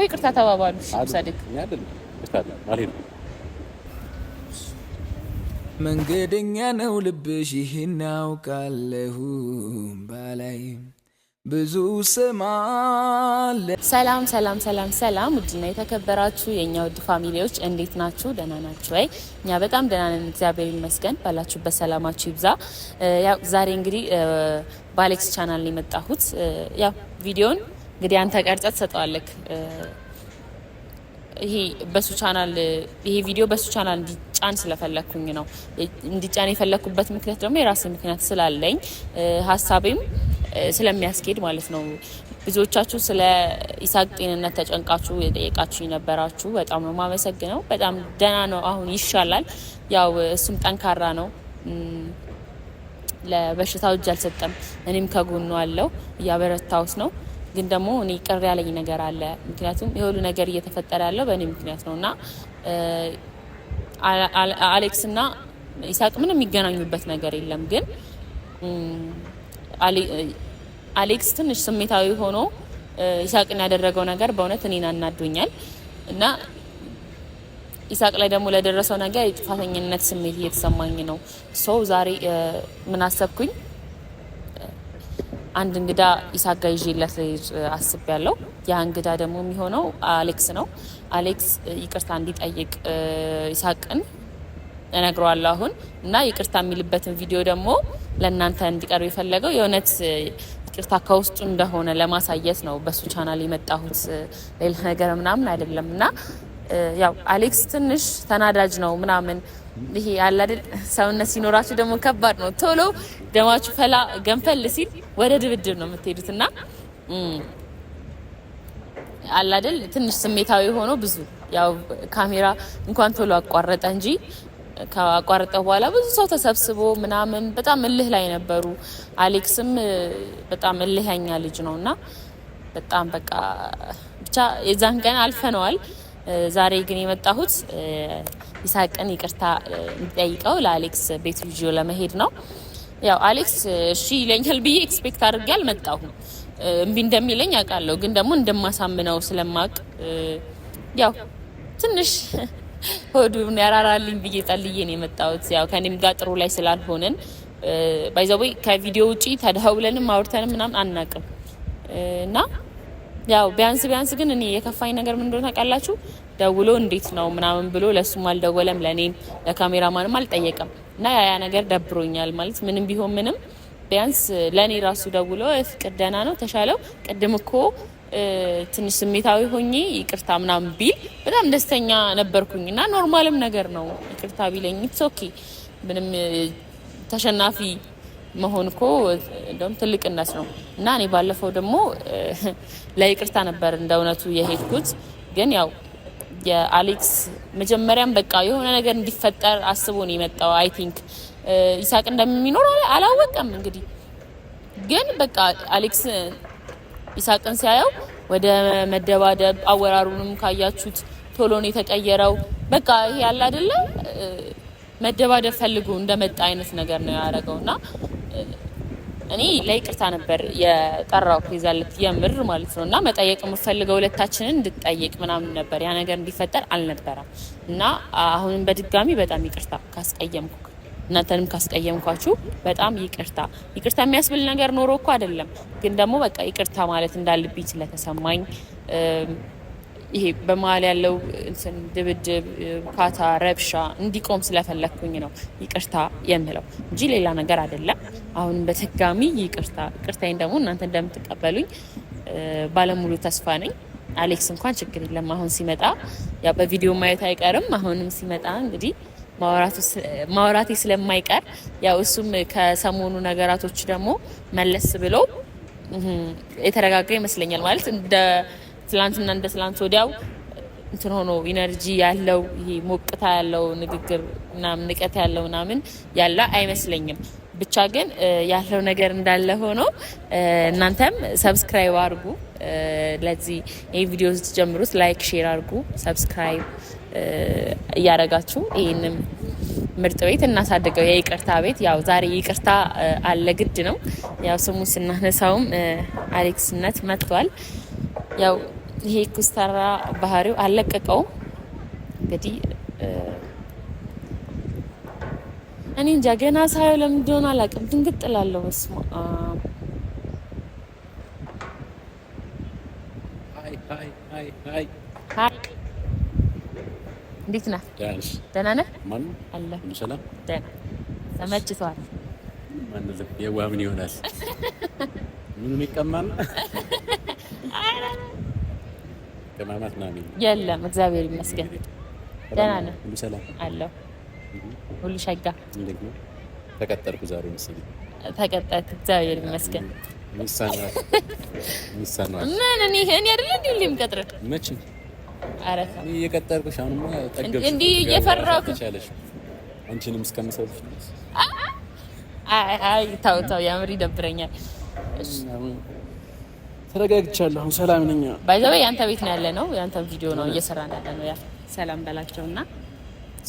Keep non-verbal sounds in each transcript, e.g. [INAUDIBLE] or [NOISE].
ወይ ቅርታ ተባባሉ። መንገደኛ ነው ልብሽ፣ ይህን አውቃለሁ ባላይ ብዙ ስማለ። ሰላም ሰላም ሰላም ሰላም። ውድና የተከበራችሁ የእኛ ውድ ፋሚሊዎች እንዴት ናችሁ? ደህና ናችሁ ወይ? እኛ በጣም ደህና ነን፣ እግዚአብሔር ይመስገን። ባላችሁበት ሰላማችሁ ይብዛ። ያው ዛሬ እንግዲህ በአሌክስ ቻናል የመጣሁት ያው ቪዲዮን እንግዲህ አንተ ቀርጸ ትሰጠዋለክ። ይሄ በሱ ቻናል ይሄ ቪዲዮ በሱ ቻናል እንዲጫን ስለፈለግኩኝ ነው። እንዲጫን የፈለግኩበት ምክንያት ደግሞ የራሴ ምክንያት ስላለኝ ሀሳቤም ስለሚያስኬድ ማለት ነው። ብዙዎቻችሁ ስለ ኢሳቅ ጤንነት ተጨንቃችሁ የጠየቃችሁ የነበራችሁ በጣም ነው ማመሰግነው። በጣም ደህና ነው፣ አሁን ይሻላል። ያው እሱም ጠንካራ ነው፣ ለበሽታው እጅ አልሰጠም። እኔም ከጎኑ አለው፣ እያበረታውት ነው ግን ደግሞ እኔ ቅር ያለኝ ነገር አለ። ምክንያቱም የሁሉ ነገር እየተፈጠረ ያለው በእኔ ምክንያት ነው እና አሌክስ እና ኢሳቅ ምንም የሚገናኙበት ነገር የለም። ግን አሌክስ ትንሽ ስሜታዊ ሆኖ ኢሳቅን ያደረገው ነገር በእውነት እኔን አናዶኛል እና ኢሳቅ ላይ ደግሞ ለደረሰው ነገር የጥፋተኝነት ስሜት እየተሰማኝ ነው። ሰው ዛሬ ምን አሰብኩኝ አንድ እንግዳ ይሳጋ ይዤለት አስቤያለሁ። ያ እንግዳ ደግሞ የሚሆነው አሌክስ ነው። አሌክስ ይቅርታ እንዲጠይቅ ይሳቅን እነግረዋለሁ አሁን እና ይቅርታ የሚልበትን ቪዲዮ ደግሞ ለእናንተ እንዲቀርብ የፈለገው የእውነት ይቅርታ ከውስጡ እንደሆነ ለማሳየት ነው። በሱ ቻናል የመጣሁት ሌላ ነገር ምናምን አይደለም እና ያው አሌክስ ትንሽ ተናዳጅ ነው ምናምን ይሄ አለ አይደል ሰውነት ሲኖራችሁ ደግሞ ከባድ ነው። ቶሎ ደማችሁ ፈላ ገንፈል ሲል ወደ ድብድብ ነው የምትሄዱት እና አለ አይደል ትንሽ ስሜታዊ ሆኖ ብዙ ያው ካሜራ እንኳን ቶሎ አቋረጠ እንጂ ከአቋረጠ በኋላ ብዙ ሰው ተሰብስቦ ምናምን በጣም እልህ ላይ ነበሩ። አሌክስም በጣም እልህኛ ልጅ ነው እና በጣም በቃ ብቻ የዛን ቀን አልፈነዋል። ዛሬ ግን የመጣሁት ይሳቅን ይቅርታ እንጠይቀው ለአሌክስ ቤት ልጅ ለመሄድ ነው። ያው አሌክስ እሺ ይለኛል ብዬ ኤክስፔክት አድርጌ አልመጣሁም። እምቢ እንደሚለኝ አውቃለሁ፣ ግን ደግሞ እንደማሳምነው ስለማቅ ያው ትንሽ ሆዱን ያራራልኝ ብዬ ጠልዬ ነው የመጣሁት። ያው ከኔም ጋር ጥሩ ላይ ስላልሆንን ባይዘዌ ከቪዲዮ ውጪ ተደውለንም አውርተንም ምናምን አናቅም እና ያው ቢያንስ ቢያንስ ግን እኔ የከፋኝ ነገር ምን እንደሆነ ታውቃላችሁ? ደውሎ እንዴት ነው ምናምን ብሎ ለእሱም አልደወለም፣ ለእኔም ለካሜራማንም አልጠየቀም። እና ያ ነገር ደብሮኛል ማለት ምንም ቢሆን ምንም ቢያንስ ለእኔ ራሱ ደውሎ ፍቅር ደህና ነው ተሻለው፣ ቅድም እኮ ትንሽ ስሜታዊ ሆኜ ይቅርታ ምናምን ቢል በጣም ደስተኛ ነበርኩኝ። እና ኖርማልም ነገር ነው ይቅርታ ቢለኝ ኢትስ ኦኬ። ምንም ተሸናፊ መሆን እኮ እንደውም ትልቅነት ነው። እና እኔ ባለፈው ደግሞ ለይቅርታ ነበር እንደ እውነቱ የሄድኩት ግን ያው የአሌክስ መጀመሪያም በቃ የሆነ ነገር እንዲፈጠር አስቦ ነው የመጣው። አይ ቲንክ ይሳቅ እንደሚኖር አላወቀም። እንግዲህ ግን በቃ አሌክስ ይሳቅን ሲያየው ወደ መደባደብ፣ አወራሩንም ካያችሁት ቶሎ ነው የተቀየረው። በቃ ይሄ ያለ አይደለ መደባደብ ፈልጎ እንደመጣ አይነት ነገር ነው ያደረገውና እኔ ለይቅርታ ነበር የጠራው ፕሬዛለት የምር ማለት ነው። እና መጠየቅ የምፈልገው ሁለታችንን እንድጠይቅ ምናምን ነበር። ያ ነገር እንዲፈጠር አልነበረም። እና አሁንም በድጋሚ በጣም ይቅርታ ካስቀየምኩ፣ እናንተንም ካስቀየምኳችሁ በጣም ይቅርታ። ይቅርታ የሚያስብል ነገር ኖሮ እኮ አይደለም፣ ግን ደግሞ በቃ ይቅርታ ማለት እንዳለብኝ ስለተሰማኝ ይሄ በመሀል ያለው ድብድብ፣ ካታ፣ ረብሻ እንዲቆም ስለፈለግኩኝ ነው ይቅርታ የምለው እንጂ ሌላ ነገር አይደለም። አሁን በተጋሚ ይቅርታ ይቅርታዬን ደግሞ እናንተ እንደምትቀበሉኝ ባለሙሉ ተስፋ ነኝ። አሌክስ እንኳን ችግር የለም አሁን ሲመጣ ያው በቪዲዮ ማየት አይቀርም። አሁንም ሲመጣ እንግዲህ ማውራቴ ስለማይቀር ያው እሱም ከሰሞኑ ነገራቶች ደግሞ መለስ ብሎ የተረጋጋ ይመስለኛል ማለት እንደ ትላንትና እንደ ትላንት ወዲያው እንትን ሆኖ ኢነርጂ ያለው ይሄ ሞቅታ ያለው ንግግር ምናምን ንቀት ያለው ምናምን ያለ አይመስለኝም። ብቻ ግን ያለው ነገር እንዳለ ሆኖ እናንተም ሰብስክራይብ አድርጉ። ለዚህ ይህ ቪዲዮ ስትጀምሩት ላይክ፣ ሼር አድርጉ። ሰብስክራይብ እያደረጋችሁ ይህንም ምርጥ ቤት እናሳድገው። የይቅርታ ቤት ያው ዛሬ ይቅርታ አለ ግድ ነው። ያው ስሙ ስናነሳውም አሌክስነት መጥቷል ያው ይሄ ኩስታራ ባህሪው አልለቀቀውም። እንግዲህ እኔ እንጃ ገና ሳየው ለምን እንደሆነ አላውቅም፣ ድንግጥ እላለሁ። በስመ አብ እንዴት ነህ? ደህና ነህ? ተመችቶሃል? የዋህ ምን ይሆናል? [LAUGHS] ምንም ይቀማል መቀማማት ምናምን የለም። እግዚአብሔር ይመስገን ደህና ነው። ሁሉ ሰላም አለው። ሁሉ ሸጋ እንዴት ነው? ተቀጠርኩ ዛሬ መሰለኝ። ተቀጠርክ? እግዚአብሔር ይመስገን። እኔ እኔ አንቺንም አይ አይ ያምር ይደብረኛል። ተረጋግቻለሁ። አሁን ሰላም ነኝ። ባይዘው ያንተ ቤት ነው ያለ ነው ያንተ ቪዲዮ ነው እየሰራን ያለ ነው። ያ ሰላም በላቸውና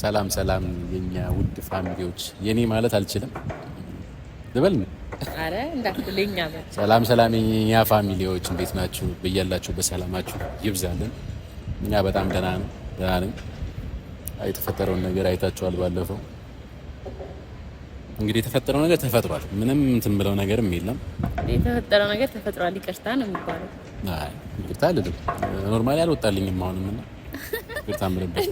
ሰላም ሰላም፣ የኛ ውድ ፋሚሊዎች የኔ ማለት አልችልም ልበል። አረ እንዳትለኛ። ሰላም ሰላም፣ የኛ ፋሚሊዎች እንዴት ናችሁ? በያላችሁ በሰላማችሁ ይብዛልን። እኛ በጣም ደህና ነን፣ ደህና ነኝ። የተፈጠረውን ነገር አይታችኋል ባለፈው እንግዲህ የተፈጠረው ነገር ተፈጥሯል። ምንም እንትን ብለው ነገርም የለም። የተፈጠረው ነገር ተፈጥሯል። ይቅርታ ነው የሚባለው። አይ ይቅርታ አይደለም። ኖርማሊ አልወጣልኝም። አሁንም እና ይቅርታ የምልበት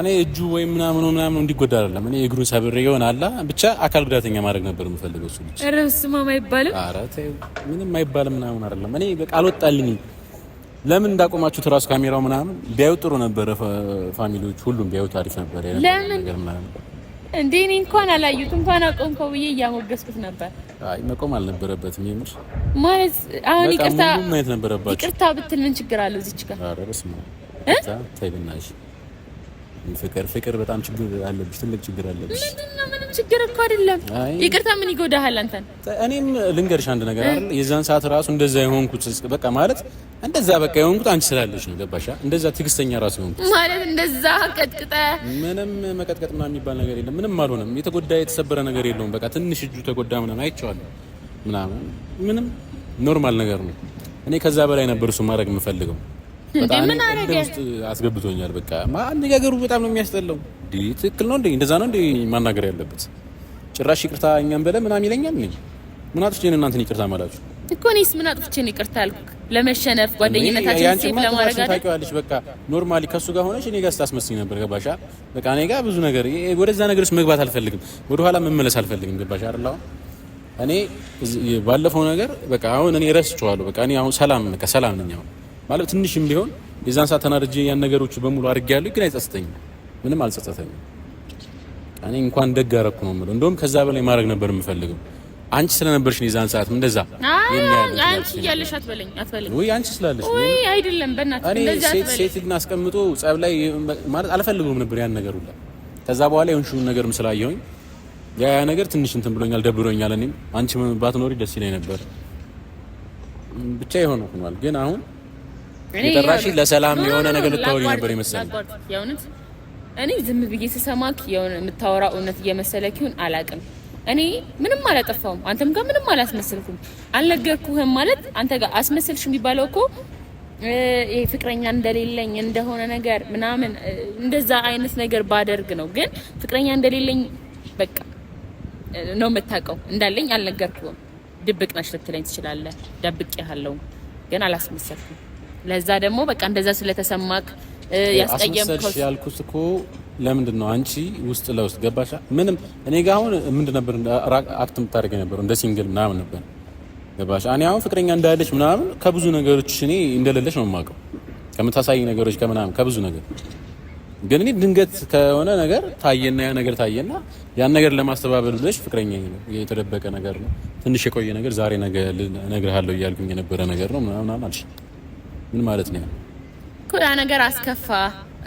እኔ እጁ ወይም ምናምኑ ምናምኑ እንዲጎዳ አይደለም። እኔ እግሩን ሰብሬ ይሆን አላ ብቻ አካል ጉዳተኛ ማድረግ ነበር የምፈልገው እሱ ልጅ። ኧረ እሱማ አይባልም። ኧረ ተይው፣ ምንም አይባልም ምናምን አይደለም። እኔ በቃ አልወጣልኝ። ለምን እንዳቆማችሁት እራሱ ካሜራው ምናምን ቢያዩት ጥሩ ነበረ። ፋሚሊዎች ሁሉም ቢያዩት አሪፍ ነበረ። ለምን እንዴ እኔ እንኳን አላዩት እንኳን አቆምከው ብዬ እያሞገስኩት ነበር። አይ መቆም አልነበረበትም። የምር ማለት አሁን ይቅርታ ማየት ነበረባችሁ። ይቅርታ ብትል ምን ችግር አለው? እዚች ጋር አረ በስመ አብ ፍቅር ፍቅር በጣም ችግር አለብሽ፣ ትልቅ ችግር አለብሽ። ምንድን ነው ችግር እኮ አይደለም። ይቅርታ ምን ይጎዳሃል አንተን? እኔም ልንገርሽ አንድ ነገር አይደል፣ የዛን ሰዓት ራሱ እንደዛ የሆንኩት በቃ ማለት እንደዛ በቃ የሆንኩት አንቺ ስላለሽ ነው። ገባሻ? እንደዛ ትዕግስተኛ ራሱ የሆንኩት ማለት እንደዛ ቀጥቅጠ ምንም መቀጥቀጥ ምናምን የሚባል ነገር የለም። ምንም አልሆነም። የተጎዳ የተሰበረ ነገር የለውም። በቃ ትንሽ እጁ ተጎዳ ምናምን አይቼዋለሁ ምናምን ምንም ኖርማል ነገር ነው። እኔ ከዛ በላይ ነበር እሱ ማድረግ የምፈልገው ምን አስገብቶኛል። በቃ አነጋገሩ በጣም ነው የሚያስጠላው። ትክክል ነው እንዴ? እንደዛ ነው እንዴ ማናገር ያለበት? ጭራሽ ይቅርታ እኛን በለ ምናምን ይለኛል። ምን ምን አጥፍቼ ነው እናንተን ይቅርታ ማላችሁ? እኮ እኔስ ምን አጥፍቼ ነው ይቅርታ አልኩ? ለመሸነፍ ጓደኝነታችን ሴፍ ለማድረግ ታውቂዋለሽ። በቃ ኖርማሊ ከሱ ጋር ሆነሽ እኔ ጋር ስታስመስኝ ነበር። ገባሻ? በቃ እኔ ጋር ብዙ ነገር ወደዛ ነገር ውስጥ መግባት አልፈልግም። ወደኋላ መመለስ አልፈልግም። ገባሻ አይደል? አሁን እኔ ባለፈው ነገር በቃ አሁን እኔ ረስቼዋለሁ። በቃ እኔ አሁን ሰላም በቃ ሰላም ነኝ አሁን ማለት ትንሽም ቢሆን የዛን ሰዓት ተናድጄ ያን ነገሮች በሙሉ አድርጌያለሁ፣ ግን አይጸጽተኝም፣ ምንም አልጸጸተኝም። እኔ እንኳን ደግ አደረኩ ነው የምለው። እንደውም ከዛ በላይ ማድረግ ነበር የምፈልገው። አንቺ ስለነበርሽ ነው የዛን ሰዓት እንደዛ። አንቺ እያለሽ አትበለኝ አትበለኝ። ወይ አንቺ ስላለሽ ወይ አይደለም። በእናትህ እንደዛ አትበለኝ። ሴት ሴትን አስቀምጦ ጸብ ላይ ማለት አልፈልገውም ነበር ያን ነገር ሁላ። ከዛ በኋላ የሆንሽውን ነገር ስላየሁኝ ያ ያ ነገር ትንሽ እንትን ብሎኛል፣ ደብሮኛል። እኔም አንቺ ባትኖሪ ደስ ይለኝ ነበር። ብቻ የሆነ ሆኗል ግን አሁን የጠራሽ ለሰላም የሆነ ነገር ልታወሪ ነበር የመሰለኝ። እኔ ዝም ብዬ ስሰማክ የሆነ የምታወራው እውነት እየመሰለክ ይሁን አላውቅም። እኔ ምንም አላጠፋሁም፣ አንተም ጋር ምንም አላስመስልኩም። አልነገርኩህም ማለት አንተ ጋር አስመስልሽ የሚባለው እኮ ይሄ ፍቅረኛ እንደሌለኝ እንደሆነ ነገር ምናምን እንደዛ አይነት ነገር ባደርግ ነው። ግን ፍቅረኛ እንደሌለኝ በቃ ነው የምታውቀው። እንዳለኝ አልነገርኩም። ድብቅ ነሽ ልትለኝ ትችላለህ። ደብቄሃለሁ፣ ግን አላስመሰልኩም። ለዛ ደግሞ በቃ እንደዛ ስለተሰማክ ያስቀየምኩሽ ያልኩስ እኮ ለምንድን ነው አንቺ ውስጥ ለውስጥ ገባሽ? ምንም እኔ ጋር አሁን ምንድን ነበር አክት የምታደርገኝ ነበር እንደ ሲንግል ምናምን ነበር ገባሽ? እኔ አሁን ፍቅረኛ እንዳለች ምናምን ከብዙ ነገሮች እኔ እንደሌለች ነው የማውቀው ከምታሳይ ነገሮች ከምናምን ከብዙ ነገር ግን እኔ ድንገት ከሆነ ነገር ታየና ያ ነገር ታየና ያን ነገር ለማስተባበል ብለሽ ፍቅረኛ የተደበቀ ነገር ነው ትንሽ የቆየ ነገር ዛሬ ነገ እነግርሃለሁ እያልኩኝ የነበረ ነገር ነው ምናምን አልሽ። ምን ማለት ነው? ያ ነገር አስከፋ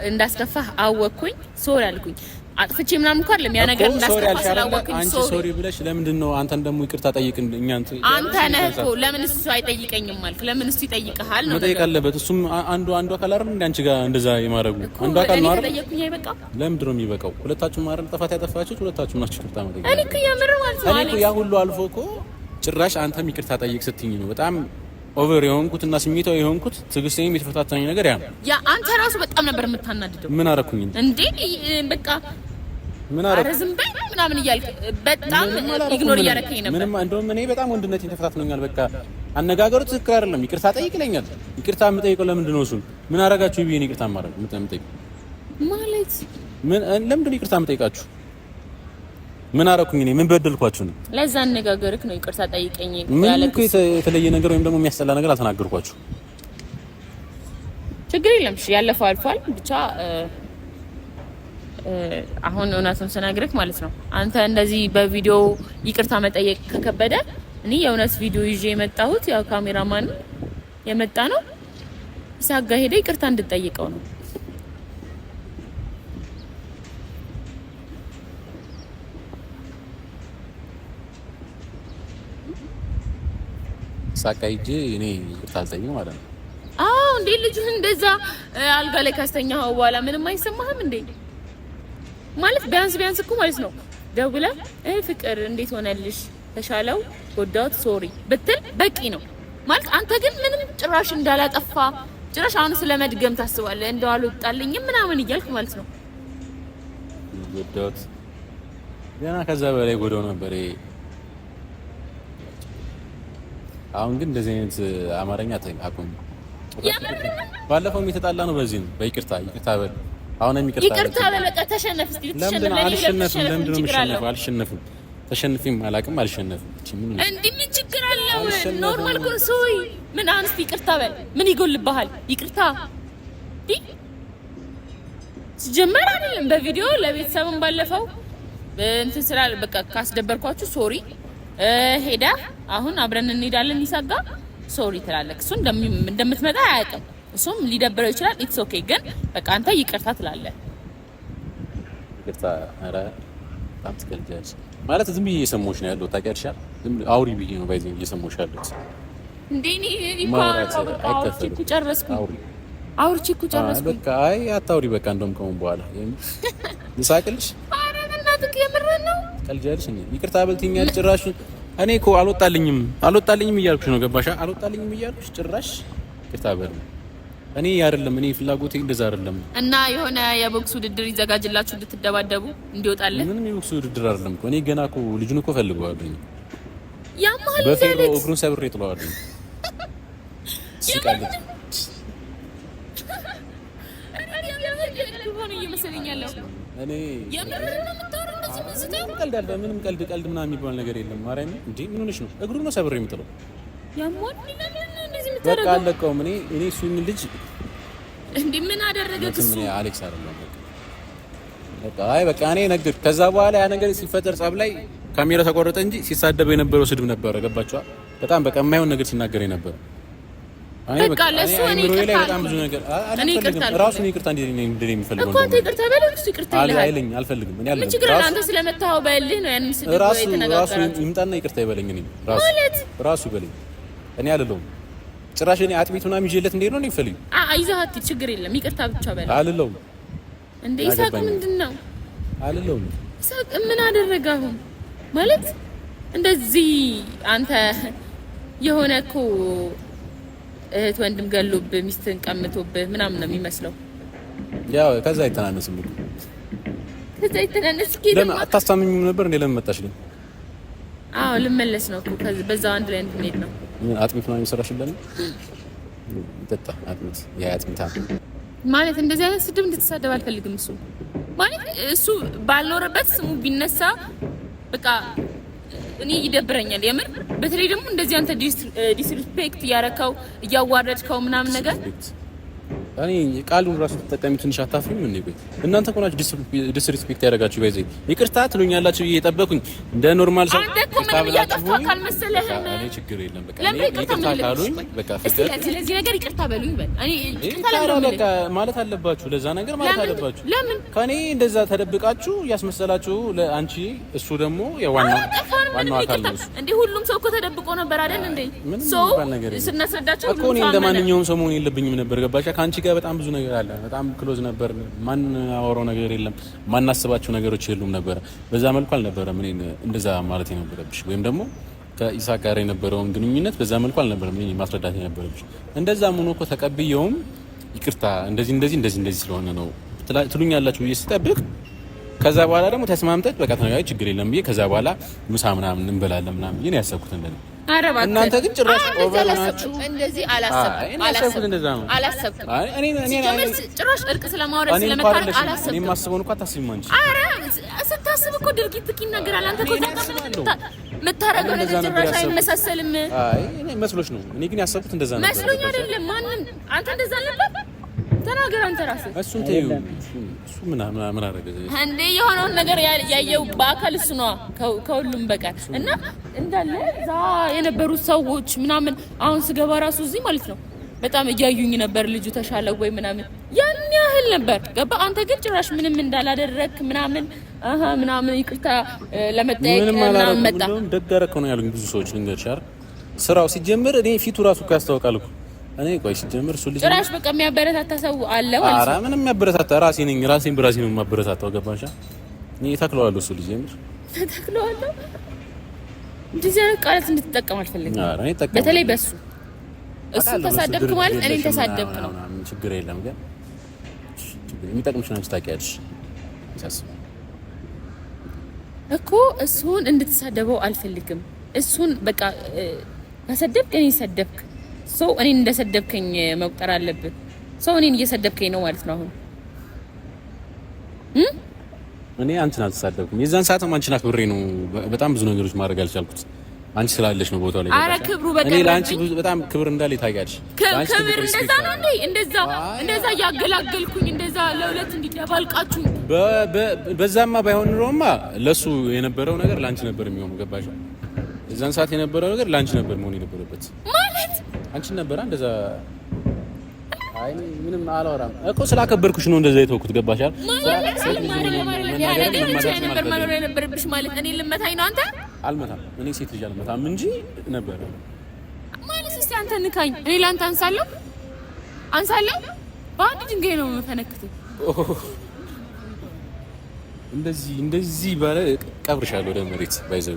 እንዳስከፋ አወቅኩኝ፣ ሶሪ አልኩኝ። አጥፍቼ ምናምን እንኳን ያ ነገር እንዳስከፋ ስላወቅኩኝ ሶሪ ብለሽ ለምንድን ነው አንተን ደግሞ ይቅርታ ጠይቅ እኛ አንተ ነህ እኮ ለምን እሱ አይጠይቀኝም ማለት ለምን እሱ ይጠይቀሃል ነው መጠየቅ አለበት። እሱም አንዱ አንዱ አካል አይደል እንደ አንቺ ጋር እንደዛ የማረጉ አንዱ አካል ነው አይደል? ጠየቅኩኝ አይበቃ ለምንድን ነው የሚበቃው? ሁለታችሁም አይደል ጥፋት ያጠፋችሁት ሁለታችሁም ናችሁ ይቅርታ መጠየቅ። እኔ እኮ ያ ሁሉ አልፎ እኮ ጭራሽ አንተም ይቅርታ ጠይቅ ስትኝ ነው በጣም ኦቨር የሆንኩትና ስሜታዊ የሆንኩት ትዕግስቴም የተፈታተኝ ነገር ያ ነው። ያ አንተ ራሱ በጣም ነበር የምታናድደው። ምን አረኩኝ እንዴ? በቃ ምን አረኩ? ዝም በይ ምናምን እያልክ በጣም ኢግኖር እያረከኝ ነበር። ምንም እንደውም እኔ በጣም ወንድነቴን ተፈታትኖኛል። በቃ አነጋገሩ ትክክል አይደለም። ይቅርታ ጠይቅ ይለኛል። ይቅርታ የምጠይቀው ለምንድን ነው? እሱን ምን አረጋችሁ ብዬ ነው ይቅርታ የማደርገው። ምን ለምንድን ነው ይቅርታ የምጠይቃችሁ? ምን አረኩኝ እኔ? ምን በደልኳችሁ ነው? ለዛ አነጋገርክ ነው ይቅርታ ጠይቀኝ ያለኩ። የተለየ ነገር ወይም ደግሞ የሚያስጠላ ነገር አልተናገርኳችሁ። ችግር የለም እሺ፣ ያለፈው አልፏል። ብቻ አሁን እውነቱን ስነግርህ ማለት ነው አንተ እንደዚህ በቪዲዮ ይቅርታ መጠየቅ ከከበደ እኔ የእውነት ቪዲዮ ይዤ የመጣሁት ያው ካሜራማን የመጣ ነው ሳጋ ሄደ ይቅርታ እንድጠይቀው ነው ሳካ ሂጅ እኔ ይቅርታ ማለት ነው። አዎ እንዴ ልጅህ እንደዛ አልጋ ላይ ካስተኛኸው በኋላ ምንም አይሰማህም እንዴ? ማለት ቢያንስ ቢያንስ እኮ ማለት ነው ደውለህ ፍቅር እንዴት ሆነልሽ ተሻለው ጎዳውት ሶሪ ብትል በቂ ነው ማለት። አንተ ግን ምንም ጭራሽ እንዳላጠፋ ጭራሽ አሁን ስለመድገም ታስባለህ። እንደው አልወጣልኝም ምናምን እያልክ ማለት ነው። ጎዳውት ገና ከዛ በላይ ጎዳው ነበር። አሁን ግን እንደዚህ አይነት አማርኛ አቆም። ባለፈውም የተጣላ ነው። በዚህ ነው በይቅርታ ይቅርታ በል አሁን የሚቀርታ ይቅርታ በል በቃ ተሸነፍ። እስቲ ለምን አልሸነፍም? ለምንድን ነው የምሸነፈው? አልሸነፍም። ተሸንፊም አላውቅም። አልሸነፍም። እንዴ ምን ችግር አለው? ኖርማል እኮ ነው። ምን አሁን እስቲ ይቅርታ በል። ምን ይጎልብሃል? ይቅርታ ዲ ሲጀመር አይደለም በቪዲዮ ለቤተሰብም ባለፈው እንትን ስላለ በቃ ካስደበርኳችሁ ሶሪ ሄዳ አሁን አብረን እንሄዳለን ይሳጋ ሶሪ ትላለክ። እሱ እንደምትመጣ አያውቅም። እሱም ሊደብረው ይችላል። ኢትስ ኦኬ። ግን በቃ አንተ ይቅርታ ትላለህ። ይቅርታ ኧረ በጣም ትቀልጃለሽ። ማለት ዝም ብዬ እየሰማሁሽ ነው ያለው ታውቂያለሽ። አውሪ ብዬ ነው ባይዘኝ እየሰማሁሽ ያለው እንዴ እኔ አውርቼ እኮ ጨረስኩኝ። አውርቼ እኮ በቃ አይ አታውሪ በቃ እንደውም ከሆነ በኋላ ልሳቅልሽ። ኧረ በእናትህ የምር ነው። ትቀልጃለሽ። ይቅርታ በልትኛል ጭራሽ እኔ እኮ አልወጣልኝም አልወጣልኝም እያልኩሽ ነው። ገባሻ? አልወጣልኝም እያልኩሽ ጭራሽ ቅርታ በር እኔ አይደለም እኔ ፍላጎቴ እንደዛ አይደለም። እና የሆነ የቦክስ ውድድር ይዘጋጅላችሁ እንድትደባደቡ እንዲወጣለን። ምንም የቦክስ ውድድር አይደለም እኮ እኔ ገና እኮ ልጁን እኮ ፈልገዋለሁ። ያማል ዘለ እግሩን ሰብሬ ጥለዋለሁ። ሲቃለ እኔ እኔ ቀልድ አለ? ምንም ቀልድ ቀልድ ምናምን የሚባል ነገር የለም። ማርያምን እንዴ ምን ሆነሽ ነው? እግሩ ነው ሰብር የምጥለው። በቃ አለቀውም። እኔ እኔ እሱን ልጅ እንዴ ምን አደረገክ? እሱ አሌክስ አይደለም በቃ አይ በቃ እኔ ነገር ከዛ በኋላ ያ ነገር ሲፈጠር ጸብ ላይ ካሜራ ተቆረጠ እንጂ ሲሳደብ የነበረው ስድብ ነበረ። ገባችኋል? በጣም በቃ የማይሆን ነገር ሲናገር የነበረ በቃ ለሱ እኔ ይቅርታ በጣም ብዙ ነገር እኔ ይቅርታ ራሱ እኔ ይቅርታ አልፈልግም ይቅርታ ይበለኝ ራሱ ራሱ እኔ አልለውም ጭራሽ እኔ አጥቢት ምናምን ይዤለት እንዴት ነው የሚፈልገው አይዛት ችግር የለም ይቅርታ ብቻ በል አልለውም እንዴ ይሳቅ ምንድን ነው አልለውም ይሳቅ ምን አደረገ አሁን ማለት እንደዚህ አንተ የሆነ እኮ እህት ወንድም ገሎብህ ሚስትን ቀምቶብህ ምናምን ነው የሚመስለው። ያው ከዛ አይተናነስም እኮ ከዛ አይተናነስ ከሄደ ለምን አታስታምኝም ነበር እንዴ? ለምን መጣሽ ግን? አዎ ልመለስ ነው እኮ በዛው አንድ ላይ እንድንሄድ ነው። አጥሚት ምናምን የሚሰራሽ ይላል ጠጣ አጥሚት ያ አጥሚታ ማለት እንደዚህ አይነት ስድብ እንድትሳደብ አልፈልግም። እሱ ማለት እሱ ባልኖረበት ስሙ ቢነሳ በቃ እኔ ይደብረኛል የምር። በተለይ ደግሞ እንደዚህ አንተ ዲስሪስፔክት እያረከው እያዋረድከው ምናምን ነገር እኔ ቃሉን ራሱ ተጠቃሚ ትንሽ አታፍሪም ምን ይበይ እናንተ እኮ ናችሁ ዲስሪስፔክት ያደረጋችሁ። ባይዘይ ይቅርታ ትሉኛላችሁ እየጠበቅኩኝ እንደ ኖርማል ሰው ችግር የለም በቃ ይቅርታ ካሉኝ በቃ ፍቅር ስለዚህ ነገር ይቅርታ በሉኝ በቃ ማለት አለባችሁ። ለዛ ነገር ማለት አለባችሁ። ለምን ከኔ እንደዛ ተደብቃችሁ እያስመሰላችሁ ለአንቺ እሱ ደግሞ የዋና ዋና ዋናው አካል ነው እንዴ? ሁሉም ሰው እኮ ተደብቆ ነበር አይደል እንዴ? ሰው ስናስረዳቸው እኮ እኔ እንደማንኛውም ሰው መሆን የለብኝም ነበር። ገባሻ ከአንቺ ጋር በጣም ብዙ ነገር አለ። በጣም ክሎዝ ነበር። ማን ነገር የለም። ማናስባቸው ነገሮች የሉም ነበረ። በዛ መልኩ አልነበረም። እኔ እንደዛ ማለት የነበረብሽ ወይም ደግሞ ከኢሳ ጋር የነበረውን ግንኙነት በዛ መልኩ አልነበረም እኔ ማስረዳት የነበረብሽ። እንደዛ ሆኖ እኮ ተቀብየውም ይቅርታ እንደዚህ እንደዚህ እንደዚህ እንደዚህ ስለሆነ ነው ትሉኛላችሁ ብዬ ስጠብቅ ከዛ በኋላ ደግሞ ተስማምተች በቃ ተነጋገር ችግር የለም ብዬ ከዛ በኋላ ምሳ ምናምን እንበላለን ምናምን ብዬ ነው ያሰብኩት። እንደዚህ እናንተ ግን ጭራሽ ኦቨር ናችሁ። እንደዚህ አላሰብኩም አላሰብኩም። ጭራሽ እርቅ ስለማውረድ ስለመታረቅ አላሰብኩም። እኔ የማስበውን እኮ አታስቢም አንቺ። ኧረ ስታስብ እኮ ድርጊት እኮ ይናገራል። አንተ እኮ የምታረገው ነገር ጭራሽ አይመሳሰልም መስሎሽ ነው። እኔ ግን ያሰብኩት እንደዛ ነው መስሎኝ አይደለም። ማንም አንተ እንደዛ አልነበረም ተናገር አንተ ራስህ። እሱን ተይው። እሱ ምን ምን አረገ እንዴ? የሆነውን ነገር ያየው በአካል እሱ ነው ከሁሉም በቀር እና እንዳለ እዛ የነበሩት ሰዎች ምናምን አሁን ስገባ ራሱ እዚህ ማለት ነው በጣም እያዩኝ ነበር። ልጁ ተሻለ ወይ ምናምን ያን ያህል ነበር ገባ። አንተ ግን ጭራሽ ምንም እንዳላደረክ ምናምን አሃ ምናምን ይቅርታ ለመጠየቅ ምናምን መጣ። ደግ አደረክ ነው ያሉኝ ብዙ ሰዎች። ልንገርሽ አይደል ስራው ሲጀምር እኔ ፊቱ ራሱ እኮ ያስታውቃል እኮ እኔ ቆይ ሲጀምር እሱ ልጅ ጭራሽ በቃ የሚያበረታታ ሰው አለ ማለት ነው። ኧረ ምንም የሚያበረታታ ራሴ ነኝ። ራሴን በራሴ ነው የማበረታታው። ገባሽ? እኔ ተክለዋለሁ። እሱ ልጅ የምር ተክለዋለሁ። እንደዚህ አይነት ቃላት እንድትጠቀም አልፈልግም። ኧረ እኔ ተጠቀም። በተለይ በሱ እሱ ተሳደብክ ማለት እኔን ተሳደብክ ነው። ችግር የለም ግን የሚጠቅምሽ ነው ታውቂያለሽ። እኮ እሱን እንድትሳደበው አልፈልግም። እሱን በቃ ከሰደብክ እኔ ሰደብክ ሰው እኔን እንደሰደብከኝ መቁጠር አለብን። ሰው እኔን እየሰደብከኝ ነው ማለት ነው አሁን እኔ አንቺን አልተሳደብኩም። የዛን ሰዓትም አንቺን አክብሬ ነው በጣም ብዙ ነገሮች ማድረግ አልቻልኩት። አንቺ ስላለሽ ነው ቦታው ላይ። አረ ክብሩ በቀር እኔ ለአንቺ በጣም ክብር እንዳለ ይታያልሽ። ክብር እንደዛ ነው እንዴ? እንደዛ እንደዛ እያገላገልኩኝ እንደዛ ለሁለት እንዲደባልቃችሁ። በዛማ ባይሆን ኖሮማ ለሱ የነበረው ነገር ለአንቺ ነበር የሚሆነው። ገባሽ? እዛን ሰዓት የነበረው ነገር ለአንቺ ነበር መሆን የነበረበት። ማለት አንቺ ነበር እንደዛ። አይ ምንም አላወራም እኮ ስላከበርኩሽ ነው እንደዛ የተወኩት። ገባሽ አይደል? ማለት እኔ ልመታኝ ነው አንተ? አልመታም። እኔ ሴት ልጅ አልመታም እንጂ ነበር ማለት። እስኪ አንተ ንካኝ፣ እኔ ለአንተ አንሳለሁ፣ አንሳለሁ። በአንድ ድንጋይ ነው የምፈነክተው። እንደዚህ እንደዚህ ባለ ቀብርሻለሁ ወደ መሬት ባይዘው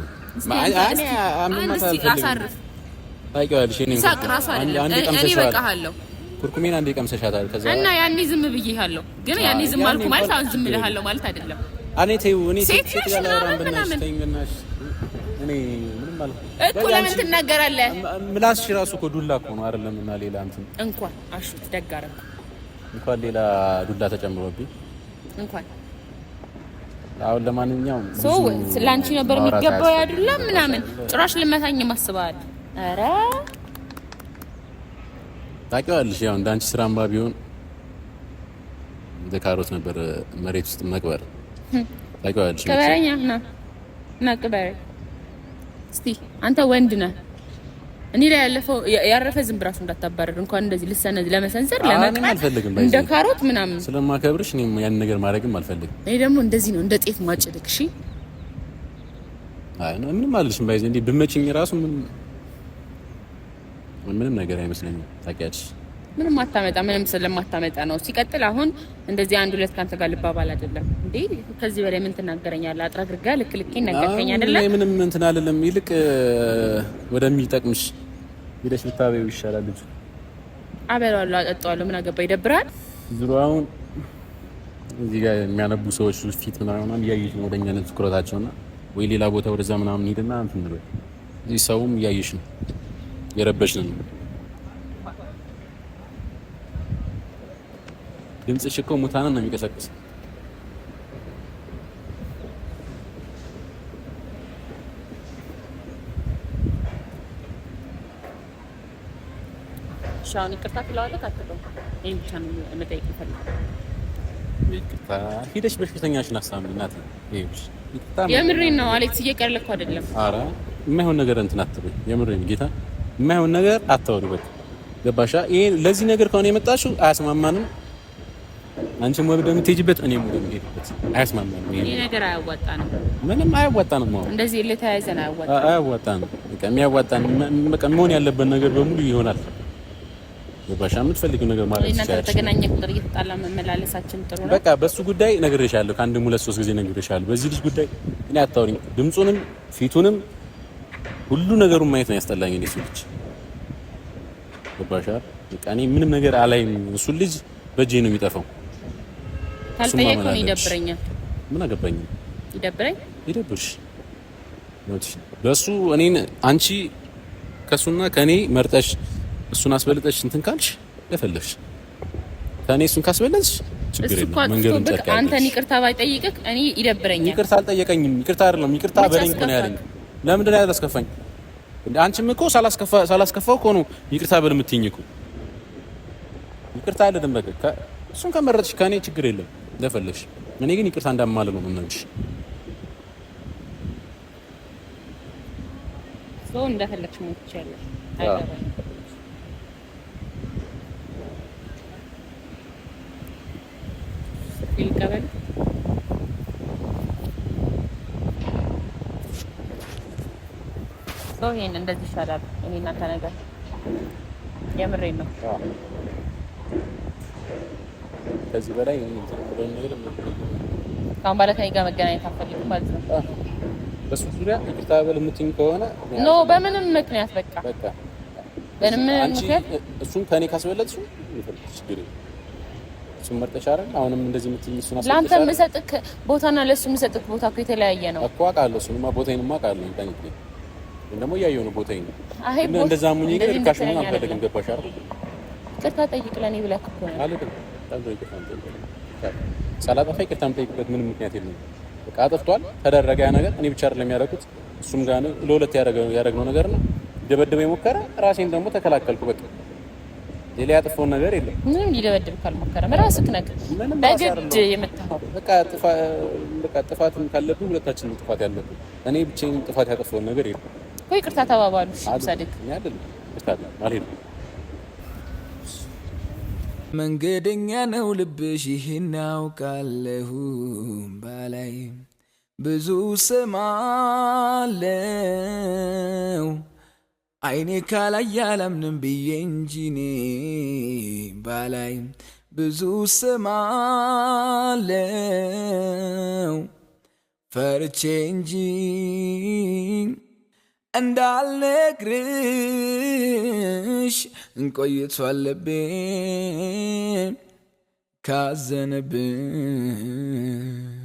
ኩርኩሜን አንዴ ቀምሰሻታል። ከዛ እና ያኔ ዝም ብዬ ያለው ግን ያኔ ዝም አልኩ ማለት አሁን ዝም ልሃለሁ ማለት አይደለም። እኔ ተይው እኔ ሴት ያለ እኮ ለምን ትናገራለህ? ምላስሽ ራሱ እኮ ዱላ እኮ ነው አይደለም። እና ሌላ እንትን እንኳን አሹት ደግ እንኳን ሌላ ዱላ ተጨምሮብኝ እንኳን አሁን ለማንኛውም ሶ ለአንቺ ነበር የሚገባው ያዱላ ምናምን ጭራሽ ልመታኝ ማስባል። አረ ታውቂዋለሽ፣ ያው እንዳንቺ ስራ አምባ ቢሆን እንደ ካሮት ነበር መሬት ውስጥ መቅበር። ታውቂዋለሽ፣ ቅበረኛ ና ና ቅበረኝ እስቲ አንተ ወንድ ነህ። እኔ ላይ ያለፈው ያረፈ ዝም ብራሱ እንዳታባረር እንኳን እንደዚህ ልሰነዝ ለመሰንዘር ለመቅናት እንደ ካሮት ምናምን ስለማከብርሽ እኔ ያን ነገር ማድረግም አልፈልግም። እኔ ደግሞ እንደዚህ ነው እንደ ጤፍ ማጭድክ። እሺ አይ ምንም አልልሽም። ባይዘ እንዴ ብመችኝ ራሱ ምንም ምንም ነገር አይመስለኝም። ታውቂያለሽ ምንም አታመጣ ምንም ስለማታመጣ ነው። ሲቀጥል አሁን እንደዚህ አንድ ሁለት ካንተ ጋር ልባባል አይደለም እንዴ። ከዚህ በላይ ምን ትናገረኛለህ? አጥራ ግርጋ ልክ ልክ ይነገርከኝ አይደለም ምንም እንትን አይደለም። ይልቅ ወደሚጠቅምሽ ሄደሽ ብታበይው ይሻላል። ልጅ አበላለሁ፣ አጠጣዋለሁ። ምን አገባ? ይደብራል። ዙሮ አሁን እዚህ ጋር የሚያነቡ ሰዎች ፊት ምናምን እያየሽ ነው ወደኛ ነው ትኩረታቸውና፣ ወይ ሌላ ቦታ ወደዛ ምናምን ሄድና እንትን ነው። እዚህ ሰውም እያየሽ ነው፣ የረበሽ ነው። ድምፅሽ እኮ ሙታንን ነው የሚቀሰቅሰው እሺ አሁን ይቅርታ ትለዋለህ አትለውም? ይሄን ብቻ ነው መጠየቅ እፈልጋለሁ። ይቅርታ ሄደሽ በሽተኛሽን እናት እናቴ። ይኸውልሽ ይቅርታ የምሬን ነው አሌክስ፣ እየቀለድኩ አይደለም። አረ የማይሆን ነገር እንትን አትበይ፣ የምሬን ጌታ፣ የማይሆን ነገር አታወሪ። በቃ ገባሻ? ይሄ ለዚህ ነገር ከሆነ የመጣሽው አያስማማንም። አንቺም ወደ የምትሄጂበት እኔም ወደ የምሄድበት አያስማማንም። ይሄ ነገር አያዋጣንም፣ ምንም አያዋጣንም። አሁን እንደዚህ ለተያይዘን አያዋጣንም፣ አያዋጣንም። በቃ የሚያዋጣን በቃ መሆን ያለበት ነገር በሙሉ ይሆናል። ባሻ የምትፈልጊው ነገር ማለት ነው። እናንተ ተገናኘ ቁጥር እየተጣላ መመላለሳችን ጥሩ ነው። በቃ በሱ ጉዳይ ነግሬሻለሁ፣ ከአንድም ሁለት ሶስት ጊዜ ነግሬሻለሁ። በዚህ ልጅ ጉዳይ እኔ አታውሪኝ። ድምፁንም ፊቱንም ሁሉ ነገሩን ማየት ነው ያስጠላኝ። እኔ እሱ ልጅ ባሻ በቃ እኔ ምንም ነገር አላይም። እሱ ልጅ በእጄ ነው የሚጠፋው። ካልጠየቁኝ ይደብረኛል። ምን አገባኝ? ይደብረኝ ይደብርሽ። በሱ እኔን አንቺ ከሱና ከኔ መርጠሽ እሱን አስበልጠሽ እንትን ካልሽ ለፈለግሽ ከእኔ እሱን ካስበለጥሽ ችግር የለም። መንገዱን ጨርቅ አንተን ይቅርታ ባይጠይቅህ እኔ ይደብረኛል። ይቅርታ አልጠየቀኝም። ይቅርታ አይደለም ይቅርታ በለኝ እኮ ነው ያለኝ። ለምንድን ነው ያላስከፋኝ? አንቺም እኮ ሳላስከፋ ሳላስከፋው እኮ ነው ይቅርታ በል የምትይኝ እኮ። ይቅርታ አይደለም በቃ እሱን ከመረጥሽ ከእኔ ችግር የለም ለፈለግሽ። እኔ ግን ይቅርታ እንዳማለ ነው የምነግርሽ። እንደፈለግሽ ነው ትችያለሽ። አይገባኝም እንቀበል። ሰው ይሄን እንደዚህ ይሻላል። እኔ እናንተ ነገር የምሬን ነው። ከዚህ በላይ ካሁን በኋላ ከኔ ጋር መገናኘት አፈልግም ማለት ነው። በሱ ዙሪያ ይቅርታ በል የምትይኝ ከሆነ ኖ፣ በምንም ምክንያት በቃ በቃ፣ በምንም ምክንያት እሱን ከኔ ካስበለጥሽ ይፈልግሽ ግሬ እሱን መርጠሽ አይደል? አሁንም እንደዚህ የምትይኝ እሱን አስመርጠሽ ለአንተ የምሰጥህ ቦታና ለእሱ የምሰጥህ ቦታ እኮ የተለያየ ነው እኮ አውቃለሁ። እሱንማ ቦታዬንማ አውቃለሁ ጠንቅቄ። ግን ደግሞ እያየሁ ነው ቦታዬን። ግን እንደዛ ሙኝ ግን ርካሽ መሆን አልፈልግም። ገባሽ አይደል? ይቅርታ ጠይቅ ለእኔ ብለህ እኮ ነው አልልም። ሳላጠፋ ይቅርታ የምጠይቅበት ምንም ምክንያት የለም። በቃ አጥፍቷል፣ ተደረገ ያ ነገር። እኔ ብቻ አይደለም ያደረኩት፣ እሱም ጋር ለሁለት ያደረግነው ነገር ነው። ደበደበ የሞከረ ራሴን ደግሞ ተከላከልኩ በቃ ሌላ ያጥፎን ነገር የለም። ምንም ሊደበድብ ካልሞከረም ራስህ ነህ በግድ የምታወራው። በቃ ጥፋትም ካለብን ሁለታችን ጥፋት ያለብን፣ እኔ ብቻዬን ጥፋት ያጠፋውን ነገር የለም። ወይ ቅርታ ተባባሉ። ሳድግ መንገደኛ ነው ልብሽ፣ ይህን አውቃለሁ። ባላይ ብዙ ስም አለው አይኔ ካላይ ያለምንም ብዬ እንጂ እኔ ባላይ ብዙ ስም አለው ፈርቼ እንጂ እንዳልነግርሽ እንቆይቷል ልቤ ካዘንብን